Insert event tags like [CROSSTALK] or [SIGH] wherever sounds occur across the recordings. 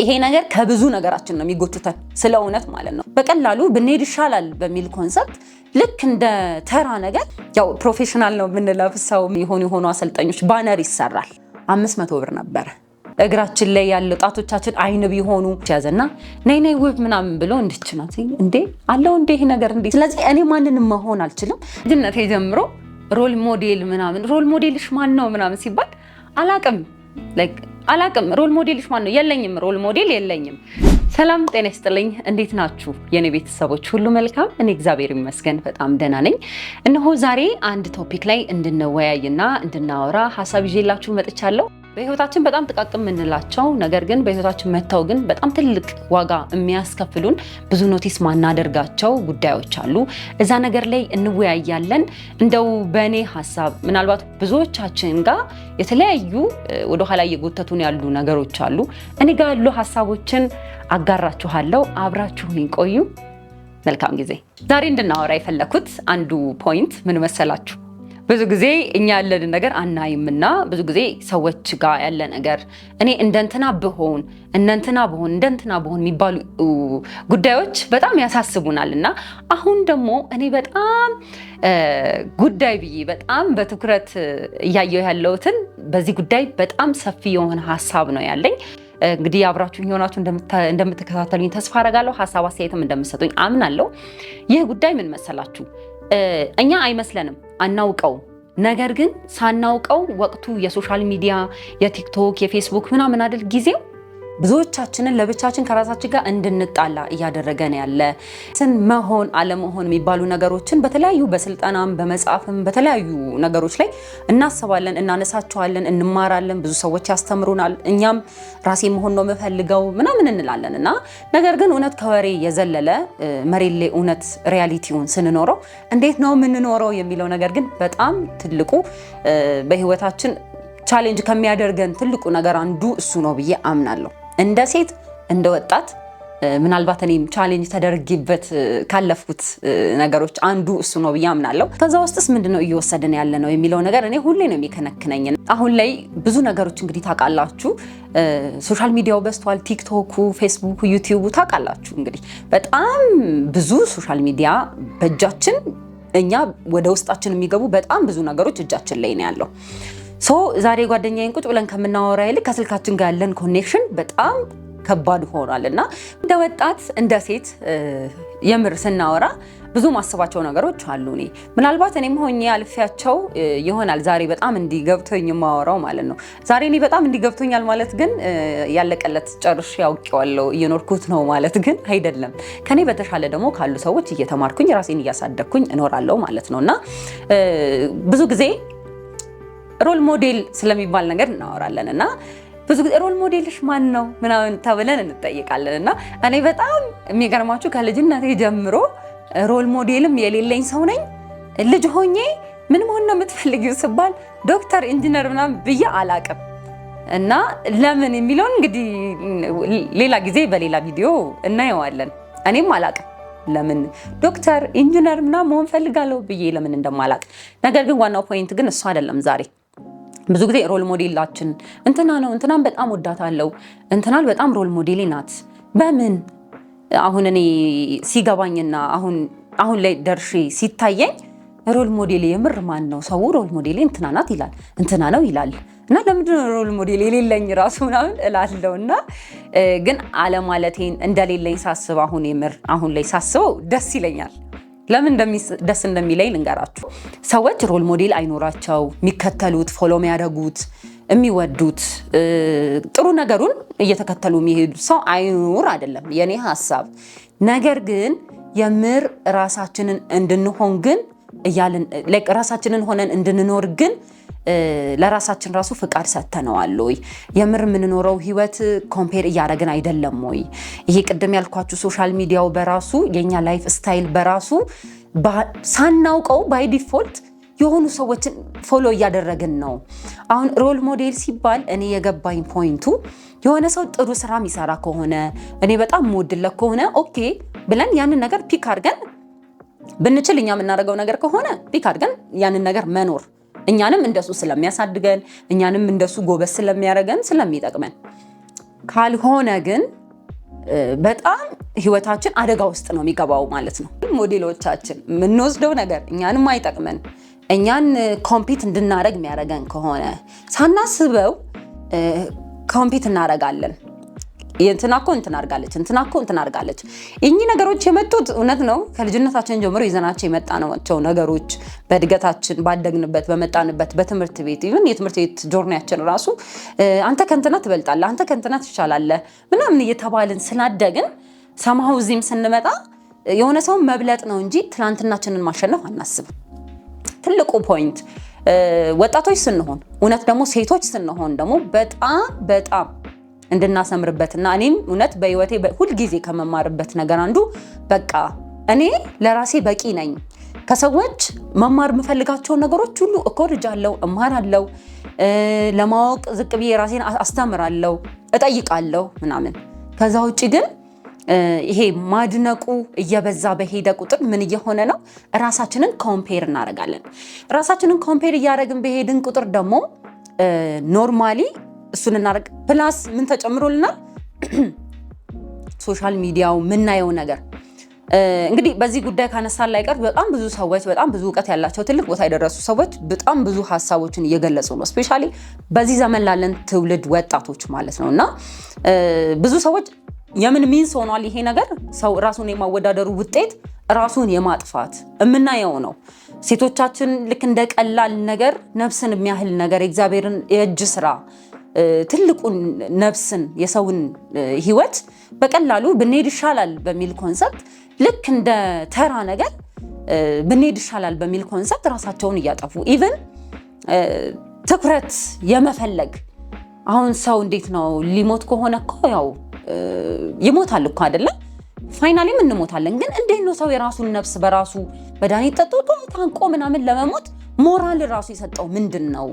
ይሄ ነገር ከብዙ ነገራችን ነው የሚጎትተን፣ ስለ እውነት ማለት ነው። በቀላሉ ብንሄድ ይሻላል በሚል ኮንሰፕት ልክ እንደ ተራ ነገር ያው ፕሮፌሽናል ነው የምንለብሰው የሆኑ የሆኑ አሰልጠኞች ባነር ይሰራል። አምስት መቶ ብር ነበረ እግራችን ላይ ያለ ጣቶቻችን አይን ቢሆኑ ያዘና ነይ ነይ ውብ ምናምን ብሎ እንድችናት እንዴ አለው እንዴ ይሄ ነገር እንዴ። ስለዚህ እኔ ማንንም መሆን አልችልም። ልጅነቴ ጀምሮ ሮል ሞዴል ምናምን ሮል ሞዴልሽ ማን ነው ምናምን ሲባል አላቅም አላቅም ሮል ሞዴልሽ ማን ነው? የለኝም፣ ሮል ሞዴል የለኝም። ሰላም ጤና ይስጥልኝ። እንዴት ናችሁ የኔ ቤተሰቦች? ሁሉ መልካም? እኔ እግዚአብሔር ይመስገን በጣም ደህና ነኝ። እነሆ ዛሬ አንድ ቶፒክ ላይ እንድንወያይና እንድናወራ ሀሳብ ይዤላችሁ መጥቻለሁ። በህይወታችን በጣም ጥቃቅም የምንላቸው ነገር ግን በህይወታችን መጥተው ግን በጣም ትልቅ ዋጋ የሚያስከፍሉን ብዙ ኖቲስ ማናደርጋቸው ጉዳዮች አሉ። እዛ ነገር ላይ እንወያያለን። እንደው በእኔ ሀሳብ ምናልባት ብዙዎቻችን ጋር የተለያዩ ወደኋላ እየጎተቱን ያሉ ነገሮች አሉ። እኔ ጋር ያሉ ሀሳቦችን አጋራችኋለሁ። አብራችሁን ቆዩ። መልካም ጊዜ። ዛሬ እንድናወራ የፈለኩት አንዱ ፖይንት ምን መሰላችሁ? ብዙ ጊዜ እኛ ያለንን ነገር አናይምና ብዙ ጊዜ ሰዎች ጋር ያለ ነገር እኔ እንደንትና ብሆን እንደንትና ብሆን እንደንትና ብሆን የሚባሉ ጉዳዮች በጣም ያሳስቡናል። እና አሁን ደግሞ እኔ በጣም ጉዳይ ብዬ በጣም በትኩረት እያየው ያለሁትን በዚህ ጉዳይ በጣም ሰፊ የሆነ ሀሳብ ነው ያለኝ። እንግዲህ አብራችሁ የሆናችሁ እንደምትከታተሉኝ ተስፋ አረጋለሁ። ሀሳብ አስተያየትም እንደምሰጡኝ አምናለሁ። ይህ ጉዳይ ምን መሰላችሁ? እኛ አይመስለንም፣ አናውቀውም። ነገር ግን ሳናውቀው ወቅቱ የሶሻል ሚዲያ የቲክቶክ የፌስቡክ ምናምን አይደል ጊዜው ብዙዎቻችንን ለብቻችን ከራሳችን ጋር እንድንጣላ እያደረገን ያለ ስን መሆን አለመሆን የሚባሉ ነገሮችን በተለያዩ በስልጠናም በመጽሐፍም በተለያዩ ነገሮች ላይ እናስባለን፣ እናነሳቸዋለን፣ እንማራለን። ብዙ ሰዎች ያስተምሩናል። እኛም ራሴ መሆን ነው የምፈልገው ምናምን እንላለን እና ነገር ግን እውነት ከወሬ የዘለለ መሬት ላይ እውነት ሪያሊቲውን ስንኖረው እንዴት ነው የምንኖረው የሚለው ነገር ግን በጣም ትልቁ በህይወታችን ቻሌንጅ ከሚያደርገን ትልቁ ነገር አንዱ እሱ ነው ብዬ አምናለሁ። እንደ ሴት እንደ ወጣት ምናልባት እኔም ቻሌንጅ ተደርጊበት ካለፍኩት ነገሮች አንዱ እሱ ነው ብዬ አምናለሁ። ከዛ ውስጥስ ምንድን ነው እየወሰድን ያለ ነው የሚለው ነገር እኔ ሁሌ ነው የሚከነክነኝ። አሁን ላይ ብዙ ነገሮች እንግዲህ ታውቃላችሁ፣ ሶሻል ሚዲያው በዝቷል። ቲክቶኩ፣ ፌስቡኩ፣ ዩቲዩቡ ታውቃላችሁ እንግዲህ በጣም ብዙ ሶሻል ሚዲያ በእጃችን እኛ ወደ ውስጣችን የሚገቡ በጣም ብዙ ነገሮች እጃችን ላይ ነው ያለው። ሶ ዛሬ ጓደኛዬን ቁጭ ብለን ከምናወራ ይልቅ ከስልካችን ጋር ያለን ኮኔክሽን በጣም ከባድ ሆኗል እና እንደ ወጣት እንደ ሴት የምር ስናወራ ብዙ ማስባቸው ነገሮች አሉ። እኔ ምናልባት እኔም ሆኜ አልፌያቸው ይሆናል ዛሬ በጣም እንዲገብቶኝ የማወራው ማለት ነው። ዛሬ እኔ በጣም እንዲገብቶኛል ማለት ግን ያለቀለት ጨርሼ አውቄዋለሁ እየኖርኩት ነው ማለት ግን አይደለም። ከኔ በተሻለ ደግሞ ካሉ ሰዎች እየተማርኩኝ ራሴን እያሳደግኩኝ እኖራለሁ ማለት ነው እና ብዙ ጊዜ ሮል ሞዴል ስለሚባል ነገር እናወራለን እና ብዙ ጊዜ ሮል ሞዴልሽ ማን ነው ምናምን ተብለን እንጠይቃለን እና እኔ በጣም የሚገርማችሁ ከልጅነቴ ጀምሮ ሮል ሞዴልም የሌለኝ ሰው ነኝ። ልጅ ሆኜ ምን መሆን ነው የምትፈልጊው ስባል ዶክተር፣ ኢንጂነር ምናምን ብዬ አላቅም እና ለምን የሚለውን እንግዲህ ሌላ ጊዜ በሌላ ቪዲዮ እናየዋለን። እኔም አላቅም ለምን ዶክተር ኢንጂነር ምናምን መሆን ፈልጋለሁ ብዬ ለምን እንደማላቅ ነገር ግን ዋናው ፖይንት ግን እሱ አይደለም ዛሬ ብዙ ጊዜ ሮል ሞዴላችን እንትና ነው። እንትናን በጣም አለው፣ እንትናል በጣም ሮል ሞዴሌ ናት። በምን አሁን እኔ ሲገባኝና አሁን አሁን ላይ ደርሼ ሲታየኝ ሮል ሞዴሌ የምር ማን ነው? ሰው ሮል ሞዴሌ እንትና ናት ይላል፣ እንትና ነው ይላል። እና ለምንድን ሮል ሞዴል የሌለኝ ራሱ ምናምን እላለው። እና ግን አለማለቴን እንደሌለኝ ሳስብ አሁን የምር አሁን ላይ ሳስበው ደስ ይለኛል። ለምን ደስ እንደሚለኝ ልንገራችሁ። ሰዎች ሮል ሞዴል አይኖራቸው፣ የሚከተሉት ፎሎ የሚያደርጉት የሚወዱት ጥሩ ነገሩን እየተከተሉ የሚሄዱ ሰው አይኑር አይደለም የኔ ሀሳብ። ነገር ግን የምር ራሳችንን እንድንሆን ግን እያልን ራሳችንን ሆነን እንድንኖር ግን ለራሳችን ራሱ ፍቃድ ሰተነዋል ወይ? የምር የምንኖረው ህይወት ኮምፔር እያደረግን አይደለም ወይ? ይሄ ቅድም ያልኳችሁ ሶሻል ሚዲያው በራሱ የኛ ላይፍ ስታይል በራሱ ሳናውቀው ባይ ዲፎልት የሆኑ ሰዎችን ፎሎ እያደረግን ነው። አሁን ሮል ሞዴል ሲባል እኔ የገባኝ ፖይንቱ የሆነ ሰው ጥሩ ስራ የሚሰራ ከሆነ እኔ በጣም የምወድለት ከሆነ ኦኬ ብለን ያንን ነገር ፒክ አድርገን ብንችል እኛ የምናደርገው ነገር ከሆነ ፒክ አድርገን ያንን ነገር መኖር እኛንም እንደሱ ስለሚያሳድገን እኛንም እንደሱ ጎበዝ ስለሚያደርገን ስለሚጠቅመን። ካልሆነ ግን በጣም ህይወታችን አደጋ ውስጥ ነው የሚገባው ማለት ነው። ሞዴሎቻችን የምንወስደው ነገር እኛንም አይጠቅመን እኛን ኮምፒት እንድናደረግ የሚያደርገን ከሆነ ሳናስበው ኮምፒት እናደረጋለን። እንትና እኮ እንትን አድርጋለች፣ እንትና እኮ እንትን አድርጋለች። እኚህ ነገሮች የመጡት እውነት ነው ከልጅነታችን ጀምሮ ይዘናቸው የመጣናቸው ነገሮች በእድገታችን ባደግንበት፣ በመጣንበት፣ በትምህርት ቤት ይሁን የትምህርት ቤት ጆርኒያችን ራሱ አንተ ከእንትና ትበልጣለህ፣ አንተ ከእንትና ትሻላለህ ምናምን እየተባልን ስላደግን ሰማሁ እዚህም ስንመጣ የሆነ ሰውን መብለጥ ነው እንጂ ትናንትናችንን ማሸነፍ አናስብም። ትልቁ ፖይንት ወጣቶች ስንሆን እውነት ደግሞ ሴቶች ስንሆን ደግሞ በጣም በጣም እንድናሰምርበትና እኔም እውነት በህይወቴ ሁልጊዜ ከመማርበት ነገር አንዱ በቃ እኔ ለራሴ በቂ ነኝ። ከሰዎች መማር የምፈልጋቸውን ነገሮች ሁሉ እኮርጃለሁ፣ እማራለሁ፣ ለማወቅ ዝቅ ብዬ ራሴን አስተምራለሁ፣ እጠይቃለሁ ምናምን። ከዛ ውጭ ግን ይሄ ማድነቁ እየበዛ በሄደ ቁጥር ምን እየሆነ ነው? ራሳችንን ኮምፔር እናደርጋለን። ራሳችንን ኮምፔር እያደረግን በሄድን ቁጥር ደግሞ ኖርማሊ እሱን እናደርግ። ፕላስ ምን ተጨምሮልናል? ሶሻል ሚዲያው ምናየው ነገር እንግዲህ በዚህ ጉዳይ ካነሳን ላይቀር በጣም ብዙ ሰዎች በጣም ብዙ እውቀት ያላቸው ትልቅ ቦታ የደረሱ ሰዎች በጣም ብዙ ሀሳቦችን እየገለጹ ነው። እስፔሻሊ በዚህ ዘመን ላለን ትውልድ ወጣቶች ማለት ነው እና ብዙ ሰዎች የምን ሚንስ ሆኗል ይሄ ነገር ሰው ራሱን የማወዳደሩ ውጤት ራሱን የማጥፋት የምናየው ነው። ሴቶቻችን ልክ እንደ ቀላል ነገር ነፍስን የሚያህል ነገር የእግዚአብሔርን የእጅ ስራ ትልቁን ነፍስን የሰውን ህይወት በቀላሉ ብንሄድ ይሻላል በሚል ኮንሰፕት ልክ እንደ ተራ ነገር ብንሄድ ይሻላል በሚል ኮንሰፕት ራሳቸውን እያጠፉ ኢቨን ትኩረት የመፈለግ አሁን ሰው እንዴት ነው ሊሞት ከሆነ እኮ ያው ይሞታል እኮ አይደለም ፋይናሊም እንሞታለን። ግን እንዴት ነው ሰው የራሱን ነፍስ በራሱ መድኃኒት ጠጥቶ ታንቆ ምናምን ለመሞት ሞራል ራሱ የሰጠው ምንድን ነው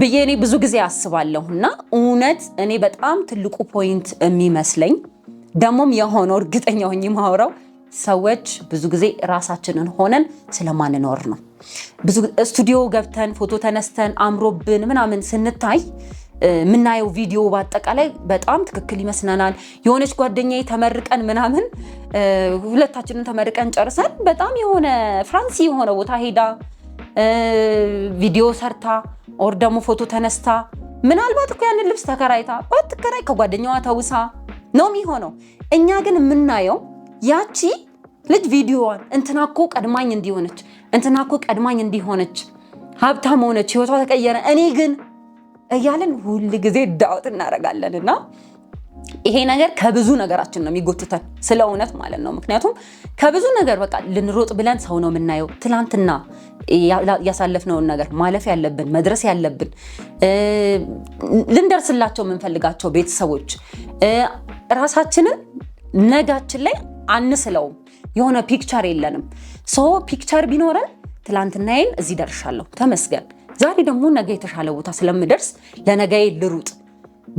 ብዬ እኔ ብዙ ጊዜ አስባለሁ። እና እውነት እኔ በጣም ትልቁ ፖይንት የሚመስለኝ ደግሞም የሆነው እርግጠኛ ሆኜ የማወራው ሰዎች ብዙ ጊዜ ራሳችንን ሆነን ስለማንኖር ነው። ብዙ ስቱዲዮ ገብተን ፎቶ ተነስተን አምሮብን ምናምን ስንታይ የምናየው ቪዲዮ በአጠቃላይ በጣም ትክክል ይመስለናል። የሆነች ጓደኛ ተመርቀን ምናምን ሁለታችንን ተመርቀን ጨርሰን በጣም የሆነ ፍራንሲ የሆነ ቦታ ሄዳ ቪዲዮ ሰርታ ኦር ደግሞ ፎቶ ተነስታ ምናልባት እኮ ያንን ልብስ ተከራይታ ባትከራይ ከጓደኛዋ ተውሳ ነው የሚሆነው። እኛ ግን የምናየው ያቺ ልጅ ቪዲዮዋን እንትናኮ ቀድማኝ እንዲሆነች እንትናኮ ቀድማኝ እንዲሆነች ሀብታም ሆነች፣ ህይወቷ ተቀየረ፣ እኔ ግን እያልን ሁል ጊዜ ዳውት እናደርጋለን እና ይሄ ነገር ከብዙ ነገራችን ነው የሚጎትተን፣ ስለ እውነት ማለት ነው። ምክንያቱም ከብዙ ነገር በቃ ልንሮጥ ብለን ሰው ነው የምናየው። ትላንትና ያሳለፍነውን ነገር ማለፍ ያለብን መድረስ ያለብን ልንደርስላቸው የምንፈልጋቸው ቤተሰቦች ራሳችንን ነጋችን ላይ አንስለውም። የሆነ ፒክቸር የለንም። ሶ ፒክቸር ቢኖረን ትላንትናዬን እዚህ ደርሻለሁ ተመስገን፣ ዛሬ ደግሞ ነገ የተሻለ ቦታ ስለምደርስ ለነገዬ ልሩጥ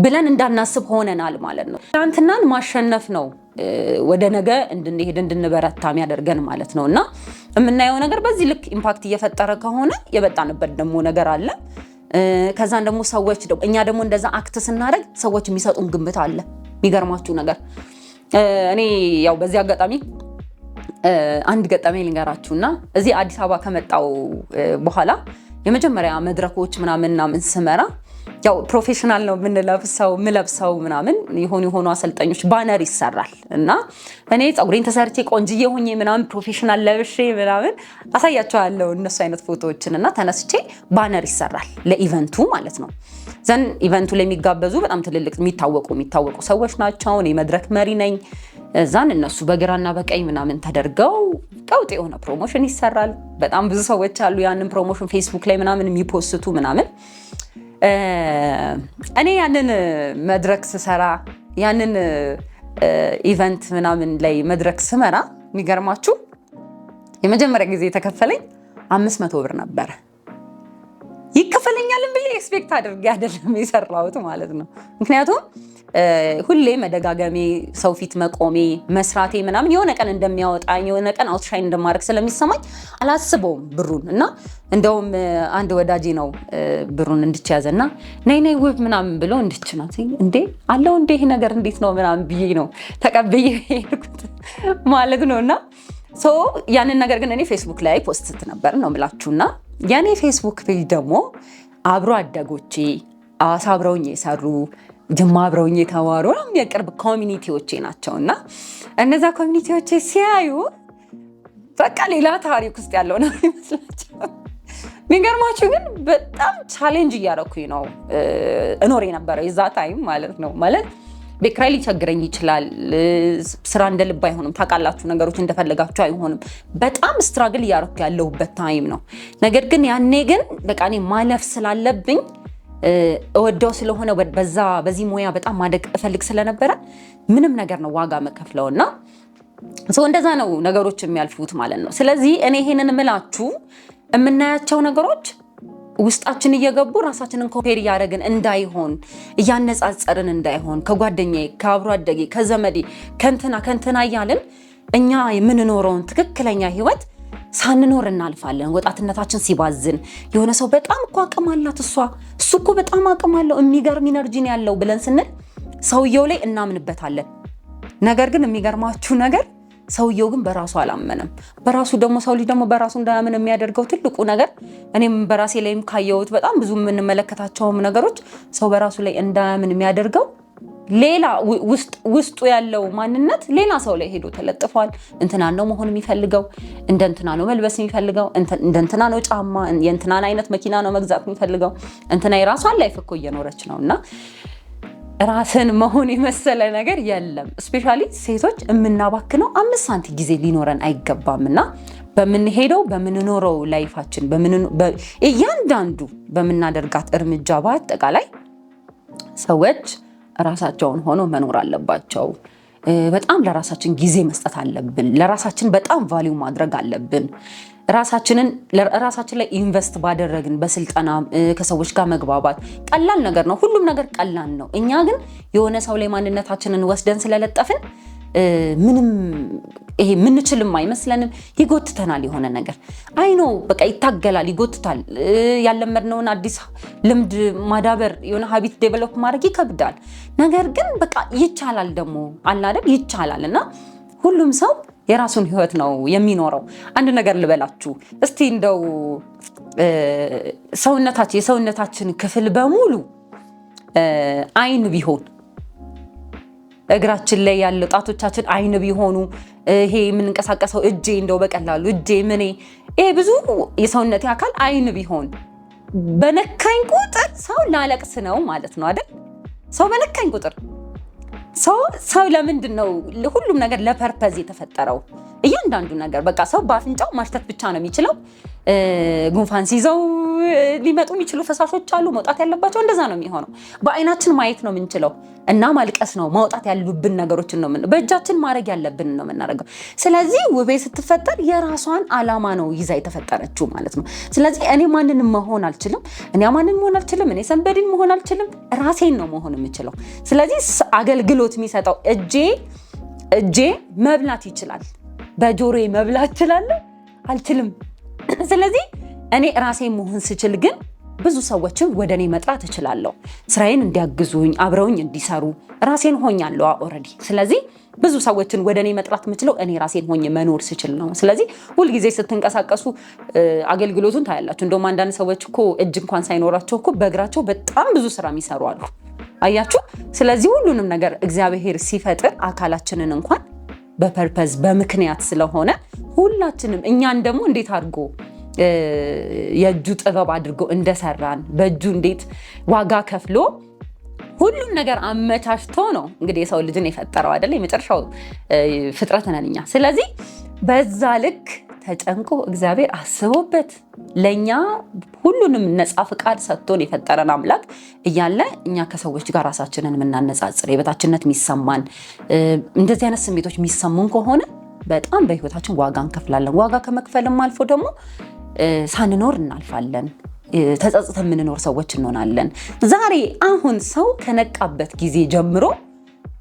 ብለን እንዳናስብ ሆነናል ማለት ነው። ትላንትናን ማሸነፍ ነው ወደ ነገ እንድንሄድ እንድንበረታ የሚያደርገን ማለት ነው እና የምናየው ነገር በዚህ ልክ ኢምፓክት እየፈጠረ ከሆነ የበጣንበት ደግሞ ነገር አለ። ከዛን ደግሞ ሰዎች እኛ ደግሞ እንደዛ አክት ስናደርግ ሰዎች የሚሰጡን ግምት አለ። የሚገርማችሁ ነገር እኔ ያው በዚህ አጋጣሚ አንድ ገጠመኝ ልንገራችሁና እዚህ አዲስ አበባ ከመጣው በኋላ የመጀመሪያ መድረኮች ምናምን ምናምን ስመራ ያው ፕሮፌሽናል ነው የምንለብሰው ምለብሰው ምናምን የሆኑ የሆኑ አሰልጣኞች ባነር ይሰራል እና እኔ ፀጉሬን ተሰርቼ ቆንጅዬ ሆኜ ምናምን ፕሮፌሽናል ለብሼ ምናምን አሳያቸዋለሁ እነሱ አይነት ፎቶዎችን እና ተነስቼ ባነር ይሰራል ለኢቨንቱ ማለት ነው። ዘን ኢቨንቱ ለሚጋበዙ በጣም ትልልቅ የሚታወቁ የሚታወቁ ሰዎች ናቸው። እኔ መድረክ መሪ ነኝ። እዛን እነሱ በግራና በቀኝ ምናምን ተደርገው ቀውጥ የሆነ ፕሮሞሽን ይሰራል። በጣም ብዙ ሰዎች አሉ ያንን ፕሮሞሽን ፌስቡክ ላይ ምናምን የሚፖስቱ ምናምን እኔ ያንን መድረክ ስሰራ ያንን ኢቨንት ምናምን ላይ መድረክ ስመራ የሚገርማችሁ የመጀመሪያ ጊዜ የተከፈለኝ አምስት መቶ ብር ነበረ። ይከፈለኛልን ብዬ ኤክስፔክት አድርጌ አይደለም የሰራሁት ማለት ነው። ምክንያቱም ሁሌ መደጋገሜ፣ ሰው ፊት መቆሜ፣ መስራቴ ምናምን የሆነ ቀን እንደሚያወጣኝ የሆነ ቀን አውትሻይን እንደማድረግ ስለሚሰማኝ አላስበውም ብሩን እና እንደውም አንድ ወዳጄ ነው ብሩን እንድትያዘ እና ነይ ነይ ውብ ምናምን ብሎ እንድችናት እንዴ አለው እንዴ ይሄ ነገር እንዴት ነው ምናምን ብዬ ነው ተቀብዬ ሄድኩት ማለት ነው እና ያንን ነገር ግን እኔ ፌስቡክ ላይ ፖስትት ነበር ነው ምላችሁና የኔ ፌስቡክ ፔጅ ደግሞ አብሮ አደጎቼ አዋሳ አብረውኝ የሰሩ ጅማ አብረውኝ የተማሩ የቅርብ ኮሚኒቲዎቼ ናቸው እና እነዛ ኮሚኒቲዎቼ ሲያዩ በቃ ሌላ ታሪክ ውስጥ ያለው ነው ይመስላቸው። የሚገርማችሁ ግን በጣም ቻሌንጅ እያደረኩኝ ነው እኖር የነበረው የዛ ታይም ማለት ነው ማለት ቤት ኪራይ ሊቸግረኝ ይችላል። ስራ እንደ ልብ አይሆንም። ታውቃላችሁ፣ ነገሮች እንደፈለጋችሁ አይሆንም። በጣም ስትራግል እያደረኩ ያለሁበት ታይም ነው። ነገር ግን ያኔ ግን በቃ እኔ ማለፍ ስላለብኝ እወደው ስለሆነ በዛ በዚህ ሙያ በጣም ማደግ እፈልግ ስለነበረ ምንም ነገር ነው ዋጋ መከፍለውና እንደዛ ነው ነገሮች የሚያልፉት ማለት ነው። ስለዚህ እኔ ይሄንን እምላችሁ የምናያቸው ነገሮች ውስጣችን እየገቡ ራሳችንን ኮምፔር እያደረግን እንዳይሆን እያነጻጸርን እንዳይሆን ከጓደኛዬ፣ ከአብሮ አደጌ፣ ከዘመዴ፣ ከንትና ከንትና እያልን እኛ የምንኖረውን ትክክለኛ ህይወት ሳንኖር እናልፋለን። ወጣትነታችን ሲባዝን የሆነ ሰው በጣም እኮ አቅም አላት እሷ እሱ እኮ በጣም አቅም አለው የሚገርም ኢነርጂን ያለው ብለን ስንል ሰውየው ላይ እናምንበታለን። ነገር ግን የሚገርማችሁ ነገር ሰውየው ግን በራሱ አላመነም። በራሱ ደግሞ ሰው ልጅ ደግሞ በራሱ እንዳያምን የሚያደርገው ትልቁ ነገር እኔም በራሴ ላይም ካየሁት በጣም ብዙ የምንመለከታቸውም ነገሮች ሰው በራሱ ላይ እንዳያምን የሚያደርገው ሌላ ውስጡ ያለው ማንነት ሌላ ሰው ላይ ሄዶ ተለጥፏል። እንትና ነው መሆን የሚፈልገው፣ እንደ እንትና ነው መልበስ የሚፈልገው፣ እንደ እንትና ነው ጫማ፣ የእንትናን አይነት መኪና ነው መግዛት የሚፈልገው። እንትና የራሷን ላይፍ እኮ እየኖረች ነው እና ራስን መሆን የመሰለ ነገር የለም። እስፔሻሊ ሴቶች የምናባክነው አምስት ሳንቲ ጊዜ ሊኖረን አይገባም እና በምንሄደው በምንኖረው ላይፋችን እያንዳንዱ በምናደርጋት እርምጃ በአጠቃላይ ሰዎች ራሳቸውን ሆኖ መኖር አለባቸው። በጣም ለራሳችን ጊዜ መስጠት አለብን። ለራሳችን በጣም ቫሊው ማድረግ አለብን። ራሳችንን ራሳችን ላይ ኢንቨስት ባደረግን በስልጠና ከሰዎች ጋር መግባባት ቀላል ነገር ነው። ሁሉም ነገር ቀላል ነው። እኛ ግን የሆነ ሰው ላይ ማንነታችንን ወስደን ስለለጠፍን ምንም ይሄ ምንችልም አይመስለንም። ይጎትተናል፣ የሆነ ነገር አይኖ በቃ ይታገላል፣ ይጎትታል። ያለመድነውን አዲስ ልምድ ማዳበር የሆነ ሀቢት ዴቨሎፕ ማድረግ ይከብዳል። ነገር ግን በቃ ይቻላል ደግሞ አላደል ይቻላል እና ሁሉም ሰው የራሱን ህይወት ነው የሚኖረው። አንድ ነገር ልበላችሁ እስቲ እንደው ሰውነታችን የሰውነታችን ክፍል በሙሉ አይን ቢሆን እግራችን ላይ ያለው ጣቶቻችን አይን ቢሆኑ ይሄ የምንንቀሳቀሰው እጄ እንደው በቀላሉ እጄ ምኔ ይሄ ብዙ የሰውነቴ አካል አይን ቢሆን በነካኝ ቁጥር ሰው ላለቅስ ነው ማለት ነው አይደል? ሰው በነካኝ ቁጥር ሰው ሰው ለምንድን ነው ሁሉም ነገር ለፐርፐዝ የተፈጠረው? እያንዳንዱ ነገር በቃ ሰው በአፍንጫው ማሽተት ብቻ ነው የሚችለው። ጉንፋን ሲይዘው ሊመጡ የሚችሉ ፈሳሾች አሉ፣ መውጣት ያለባቸው እንደዛ ነው የሚሆነው። በአይናችን ማየት ነው የምንችለው እና ማልቀስ ነው ማውጣት ያሉብን ነገሮችን ነው የምንለው። በእጃችን ማድረግ ያለብን ነው የምናደርገው። ስለዚህ ውቤ ስትፈጠር የራሷን አላማ ነው ይዛ የተፈጠረችው ማለት ነው። ስለዚህ እኔ ማንንም መሆን አልችልም፣ እኔ ማንን መሆን አልችልም፣ እኔ ሰንበድን መሆን አልችልም። ራሴን ነው መሆን የምችለው። ስለዚህ አገልግሎት የሚሰጠው እጄ እጄ መብላት ይችላል በጆሮ መብላት እችላለሁ? አልችልም። [CLEARS THROAT] ስለዚህ እኔ ራሴ መሆን ስችል ግን ብዙ ሰዎችን ወደ እኔ መጥራት እችላለሁ። ስራዬን እንዲያግዙኝ፣ አብረውኝ እንዲሰሩ ራሴን ሆኛለሁ ኦልሬዲ። ስለዚህ ብዙ ሰዎችን ወደ እኔ መጥራት የምችለው እኔ ራሴን ሆኜ መኖር ስችል ነው። ስለዚህ ሁልጊዜ ስትንቀሳቀሱ አገልግሎቱን ታያላችሁ። እንደውም አንዳንድ ሰዎች እኮ እጅ እንኳን ሳይኖራቸው እኮ በእግራቸው በጣም ብዙ ስራ የሚሰሩ አሉ። አያችሁ። ስለዚህ ሁሉንም ነገር እግዚአብሔር ሲፈጥር አካላችንን እንኳን በፐርፐዝ በምክንያት ስለሆነ ሁላችንም እኛን ደግሞ እንዴት አድርጎ የእጁ ጥበብ አድርጎ እንደሰራን በእጁ እንዴት ዋጋ ከፍሎ ሁሉም ነገር አመቻችቶ ነው እንግዲህ የሰው ልጅን የፈጠረው አይደለ? የመጨረሻው ፍጥረት ነን እኛ። ስለዚህ በዛ ልክ ተጨንቆ እግዚአብሔር አስቦበት ለእኛ ሁሉንም ነፃ ፍቃድ ሰጥቶን የፈጠረን አምላክ እያለ እኛ ከሰዎች ጋር ራሳችንን የምናነጻጽር የበታችነት የሚሰማን እንደዚህ አይነት ስሜቶች የሚሰሙን ከሆነ በጣም በህይወታችን ዋጋ እንከፍላለን። ዋጋ ከመክፈልም አልፎ ደግሞ ሳንኖር እናልፋለን። ተጸጽተ የምንኖር ሰዎች እንሆናለን። ዛሬ አሁን ሰው ከነቃበት ጊዜ ጀምሮ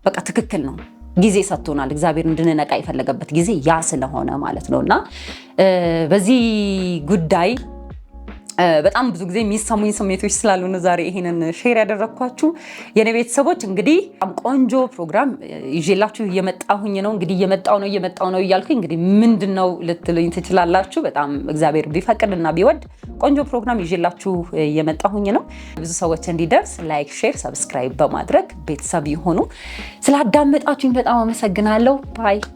በቃ ትክክል ነው ጊዜ ሰጥቶናል። እግዚአብሔር እንድንነቃ የፈለገበት ጊዜ ያ ስለሆነ ማለት ነው እና በዚህ ጉዳይ በጣም ብዙ ጊዜ የሚሰሙኝ ስሜቶች ስላሉ ነው ዛሬ ይሄንን ሼር ያደረግኳችሁ። የኔ ቤተሰቦች እንግዲህ በጣም ቆንጆ ፕሮግራም ይዤላችሁ እየመጣሁኝ ነው። እንግዲህ እየመጣው ነው እየመጣው ነው እያልኩኝ እንግዲህ ምንድን ነው ልትሉኝ ትችላላችሁ። በጣም እግዚአብሔር ቢፈቅድ እና ቢወድ ቆንጆ ፕሮግራም ይዤላችሁ እየመጣሁኝ ነው። ብዙ ሰዎች እንዲደርስ ላይክ፣ ሼር፣ ሰብስክራይብ በማድረግ ቤተሰብ ይሆኑ። ስላዳመጣችሁኝ በጣም አመሰግናለሁ ባይ